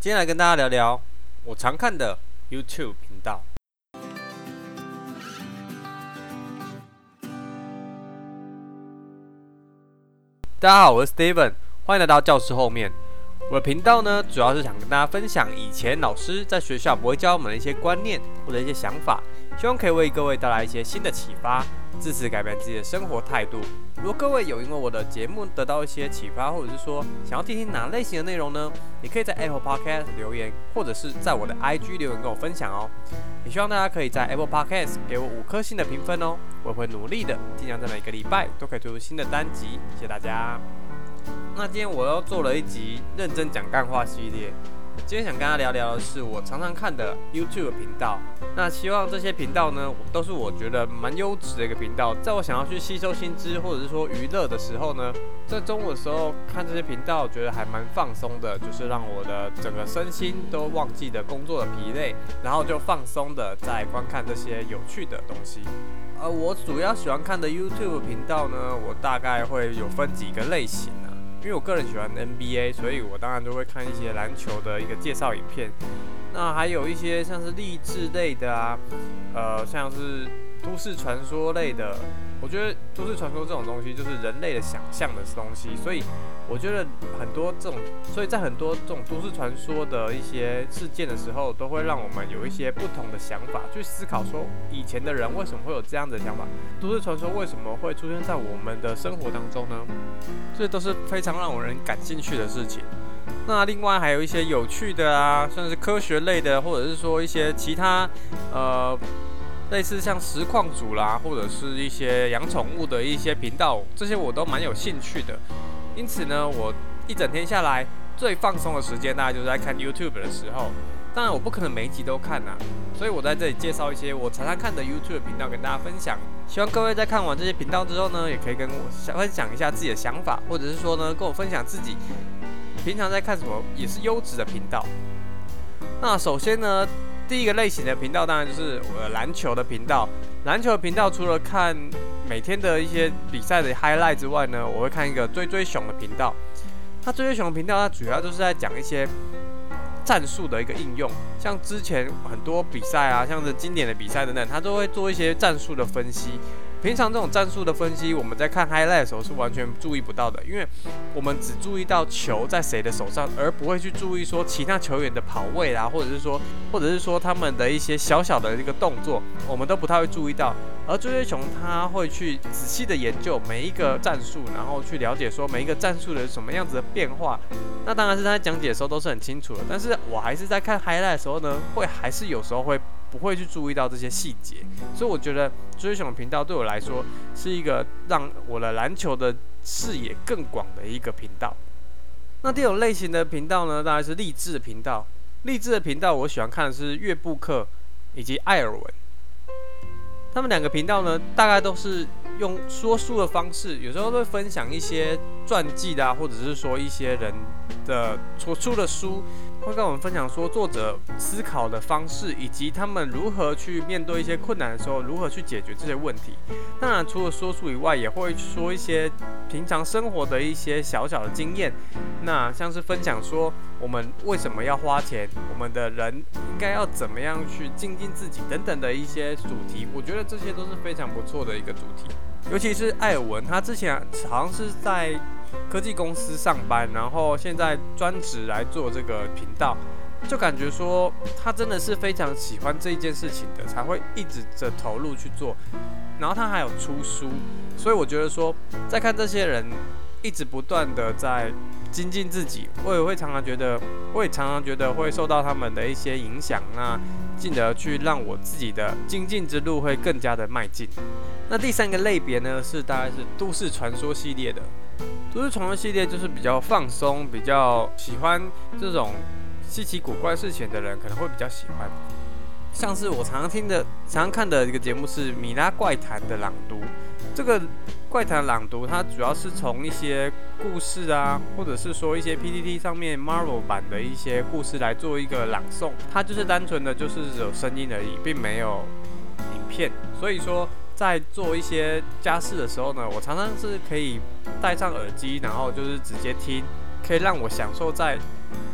今天來跟大家聊聊我常看的 YouTube 頻道。大家好，我是 Steven，歡迎來到教室後面。我的頻道呢，主要是想跟大家分享以前老師在學校不會教我們的一些觀念或者一些想法，希望可以為各位帶來一些新的啟發。自此改變自己的生活態度。如果各位有因為我的節目得到一些啟發，或者是說想要聽聽哪類型的內容呢？你可以在 Apple Podcast 留言，或者是在我的 IG 留言跟我分享哦。也希望大家可以在 Apple Podcast 給我五顆星的評分哦。我會努力的，儘量在每個禮拜都可以推出新的單集。謝謝大家。那今天我又做了一集認真講幹話系列。今天想跟大家聊聊的是我常常看的 YouTube 頻道。那希望這些頻道呢，都是我覺得蠻優質的一個頻道。在我想要去吸收新知或者是說娛樂的時候呢，在中午的時候看這些頻道，覺得還蠻放鬆的，就是讓我的整個身心都忘記的工作的疲累，然後就放鬆的在觀看這些有趣的東西。呃，我主要喜歡看的 YouTube 頻道呢，我大概會有分幾個類型。因為我個人喜歡 NBA，所以我當然就會看一些籃球的一個介紹影片。那還有一些像是勵志類的啊，呃，像是都市傳說類的。我覺得都市傳說這種東西就是人類的想象的東西，所以。我覺得很多這種，所以在很多這種都市傳說的一些事件的時候，都會讓我們有一些不同的想法去思考，說以前的人為什麼會有這樣的想法？都市傳說為什麼會出現在我們的生活當中呢？這都是非常讓我人感興趣的事情。那另外還有一些有趣的啊，算是科學類的，或者是說一些其他呃類似像實況主啦，或者是一些養寵物的一些頻道，這些我都蠻有興趣的。因此呢，我一整天下來最放鬆的時間，大概就是在看 YouTube 的時候。當然，我不可能每一集都看啊，所以我在這裡介紹一些我常常看的 YouTube 頻道跟大家分享。希望各位在看完這些頻道之後呢，也可以跟我分享一下自己的想法，或者是說呢，跟我分享自己平常在看什麼也是優質的頻道。那首先呢。第一個類型的頻道當然就是我的籃球的頻道。籃球頻道除了看每天的一些比賽的 highlight 之外呢，我會看一個追追熊的頻道。那追追熊的頻道它主要就是在講一些戰術的一個應用，像之前很多比賽啊，像是今年的比賽等等，它都會做一些戰術的分析。平常這種戰術的分析，我們在看 highlight 的時候是完全注意不到的，因為我們只注意到球在誰的手上，而不會去注意說其他球員的跑位啦、啊，或者是說，或者是說他們的一些小小的一個動作，我們都不太會注意到。而追追熊他會去仔細的研究每一個戰術，然後去了解說每一個戰術的什麼樣子的變化。那當然是他講解的時候都是很清楚的。但是我還是在看 highlight 的時候呢，會還是有時候會。不會去注意到這些細節，所以我覺得追熊頻道對我來說是一個讓我的籃球的視野更廣的一個頻道。那這種類型的頻道呢，大概是勵志的頻道。勵志的頻道，我喜歡看的是閱部客以及艾爾文。他們兩個頻道呢，大概都是用說書的方式，有時候會分享一些傳記的、啊、或者是說一些人的所出的書。會跟我們分享說作者思考的方式，以及他們如何去面對一些困難的時候，如何去解決這些問題。當然，除了說書以外，也會說一些平常生活的一些小小的經驗。那像是分享說我們為什麼要花錢，我們的人應該要怎麼樣去精進自己等等的一些主題。我覺得這些都是非常不錯的一個主題。尤其是艾爾文，他之前好像是在科技公司上班，然後現在專職來做這個頻道，就感覺說他真的是非常喜歡這一件事情的，才會一直的投入去做。然後他還有出書，所以我覺得說，再看這些人一直不斷的在精進自己，我也會常常覺得，我也常常覺得會受到他們的一些影響啊，進而去讓我自己的精進之路會更加的邁進。那第三個類別呢，是大概是都市傳說系列的。都市傳說系列就是比較放鬆，比較喜歡這種稀奇古怪事情的人可能會比較喜歡。像是我常聽的、常看的一個節目是《米拉怪談》的朗讀。這個怪談朗讀，它主要是從一些故事啊，或者是說一些 PTT 上面 Marvel 版的一些故事來做一個朗誦。它就是單純的，就是有聲音而已，並沒有影片。所以說。在做一些家事的時候呢，我常常是可以戴上耳機，然後就是直接聽，可以讓我享受在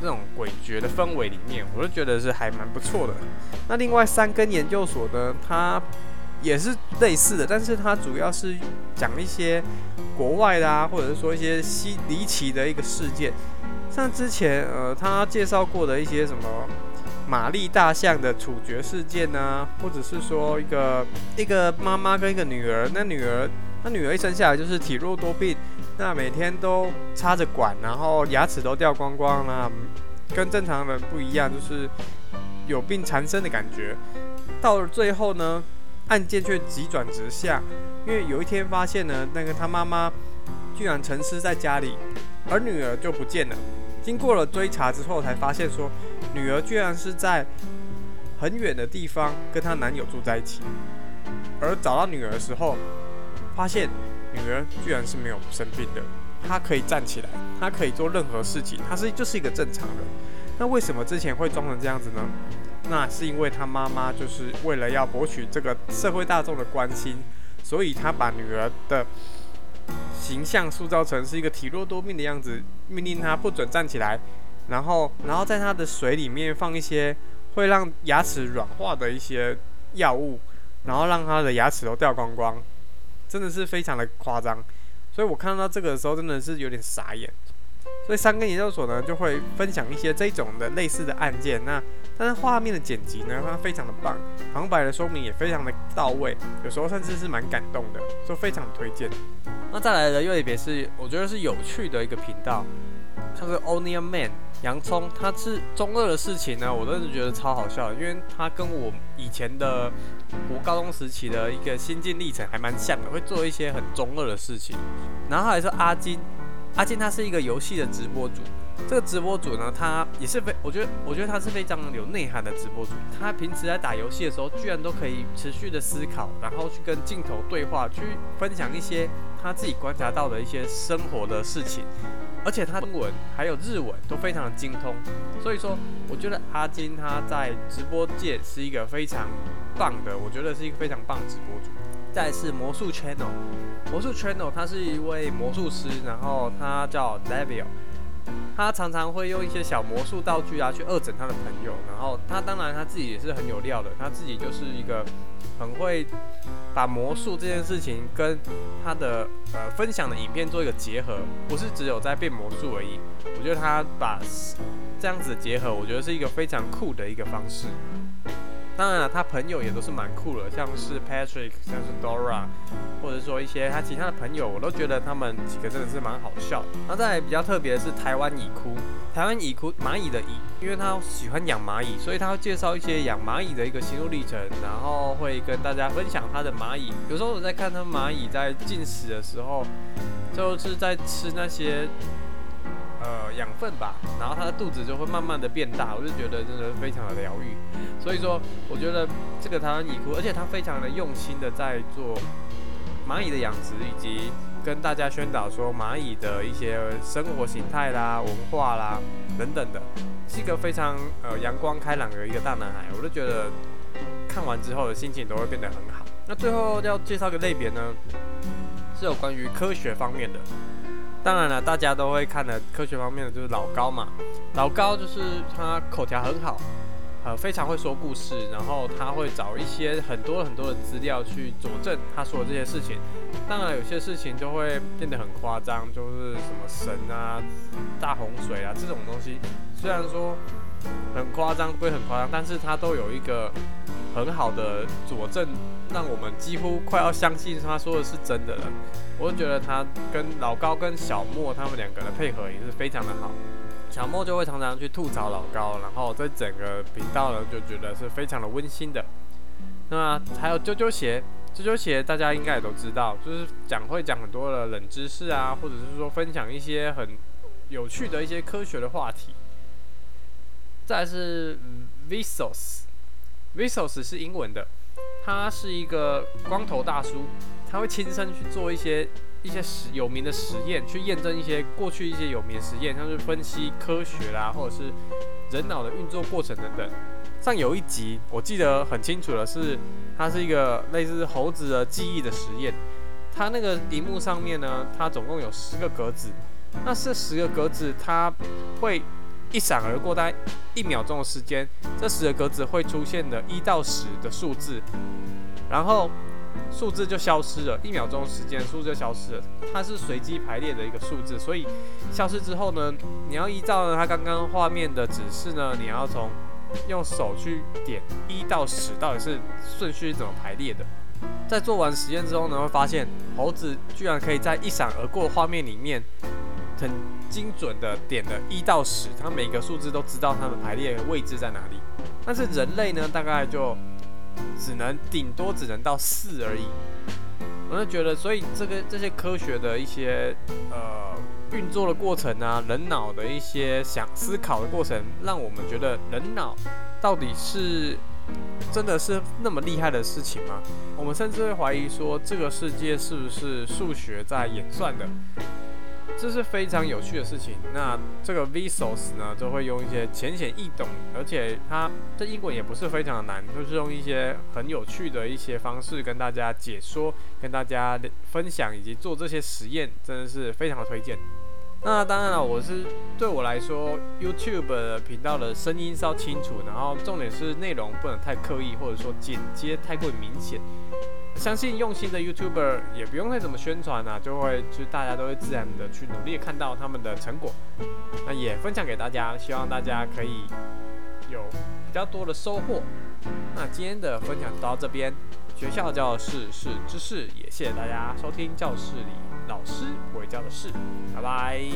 那種詭譎的氛圍裡面，我就覺得是還蠻不錯的。那另外三根研究所呢，它也是類似的，但是它主要是講一些國外的啊，或者是說一些稀離奇的一個事件，像之前呃，他介紹過的一些什麼，瑪麗大象的處決事件呢，或者是說一個一個媽媽跟一個女兒，那女兒，那女兒一生下來就是體弱多病，那每天都插着管，然後牙齒都掉光光了，跟正常人不一樣，就是有病纏身的感覺。到了最後呢，案件卻急轉直下，因為有一天發現呢，那個他媽媽居然陳屍在家裡，而女兒就不見了。經過了追查之後，才發現說，女兒居然是在很遠的地方跟她男友住在一起。而找到女兒的時候，發現女兒居然是沒有生病的，她可以站起來，她可以做任何事情，她是就是一個正常人。那為什麼之前會裝成這樣子呢？那是因為她媽媽就是為了要博取這個社會大眾的關心，所以她把女兒的形象塑造成是一個體弱多病的樣子。命令他不准站起來，然後，然後在他的水裡面放一些會讓牙齒軟化的一些藥物，然後讓他的牙齒都掉光光，真的是非常的誇張。所以我看到這個的時候真的是有點傻眼。所以三更研究所呢，就會分享一些這種的類似的案件。那但是畫面的剪輯呢，它非常的棒，旁白的說明也非常的到位，有時候甚至是，是蠻感動的，就非常推薦。那再來的又特別是，我覺得是有趣的一個頻道，像是 Onion Man 洋、洋蔥，他是中二的事情呢，我真的是覺得超好笑的，因為他跟我以前的我高中時期的一個心境歷程還蠻像的，會做一些很中二的事情。然後還是阿金，阿金他是一個遊戲的直播主。這個直播主呢，他也是非，我覺得，我覺得他是非常有內涵的直播主。他平時在打遊戲的時候，居然都可以持續的思考，然後去跟鏡頭對話，去分享一些他自己觀察到的一些生活的事情。而且他中文還有日文都非常的精通，所以說，我覺得阿金他在直播界是一個非常棒的，我覺得是一個非常棒的直播主。再是魔術 channel，魔術 channel，他是一位魔術師，然後他叫 Davio 他常常會用一些小魔術道具啊，去惡整他的朋友。然後他當然他自己也是很有料的，他自己就是一個很會把魔術這件事情跟他的呃分享的影片做一個結合，不是只有在變魔術而已。我覺得他把這樣子結合，我覺得是一個非常酷的一個方式。當然了、啊，他朋友也都是蠻酷的，像是 Patrick，像是 Dora，或者說一些他其他的朋友，我都覺得他們幾個真的是蠻好笑。那、啊、再來比較特別的是台灣蟻窟，台灣蟻窟螞蟻的蟻，因為他喜歡養螞蟻，所以他會介紹一些養螞蟻的一個心路歷程，然後會跟大家分享他的螞蟻。有時候我在看他們螞蟻在進食的時候，就是在吃那些。呃，養分吧，然後他的肚子就會慢慢的變大，我就覺得真的是非常的療癒，所以說我覺得這個台灣蟻窟，而且他非常的用心的在做螞蟻的養殖，以及跟大家宣導說螞蟻的一些生活形態啦、文化啦等等的，是一個非常呃陽光開朗的一個大男孩，我就覺得看完之後的心情都會變得很好。那最後要介紹個類別呢，是有關於科學方面的。當然了，大家都會看的科學方面的就是老高嘛。老高就是他口條很好，呃，非常會說故事，然後他會找一些很多很多的資料去佐證他說的這些事情。當然，有些事情就會變得很誇張，就是什麼神啊、大洪水啊這種東西，雖然說很誇張，歸很誇張，但是他都有一個很好的佐證。讓我們幾乎快要相信他說的是真的了。我就覺得他跟老高跟小莫他們兩個的配合也是非常的好。小莫就會常常去吐槽老高，然後在整個頻道呢就覺得是非常的溫馨的。那還有啾啾鞋，啾啾鞋大家應該也都知道，就是講會講很多的冷知識啊，或者是說分享一些很有趣的一些科學的話題。再來是 Vsauce，Vsauce 是英文的。他是一個光頭大叔，他會親身去做一些一些實有名的實驗，去驗證一些過去一些有名的實驗，像是分析科學啦，或者是人腦的運作過程等等。像有一集我記得很清楚的是，他是一個類似猴子的記憶的實驗。他那個熒幕上面呢，他總共有十個格子，那這十個格子，他會，一閃而過，大概一秒鐘的時間，這十個格子會出現的一到十的數字，然後數字就消失了，一秒鐘時間數字就消失了。它是隨機排列的一個數字，所以消失之後呢，你要依照它剛剛畫面的指示呢，你要從用手去點一到十，到底是順序怎麼排列的？在做完實驗之後呢，會發現猴子居然可以在一閃而過的畫面裡面。很精準的點了一到十，它每個數字都知道它們排列的位置在哪裡。但是人類呢，大概就只能頂多只能到四而已。我就覺得，所以這個這些科學的一些呃運作的過程啊，人腦的一些想思考的過程，讓我們覺得人腦到底是真的是那麼厲害的事情嗎？我們甚至會懷疑說，這個世界是不是數學在演算的？這是非常有趣的事情。那這個 Vsauce 呢，就會用一些淺顯易懂，而且它的英文也不是非常的難，就是用一些很有趣的一些方式跟大家解說、跟大家分享以及做這些實驗，真的是非常的推薦。那當然了，我是對我來說，YouTube 頻道的聲音要清楚，然後重點是內容不能太刻意，或者說剪接太過明顯。相信用心的 YouTuber 也不用再怎麼宣傳啊，就會就大家都會自然的去努力看到他們的成果，那也分享給大家，希望大家可以有比較多的收穫。那今天的分享就到這邊，學校教室是，是知識，也謝謝大家收聽教室裡老師不會教的事，拜拜。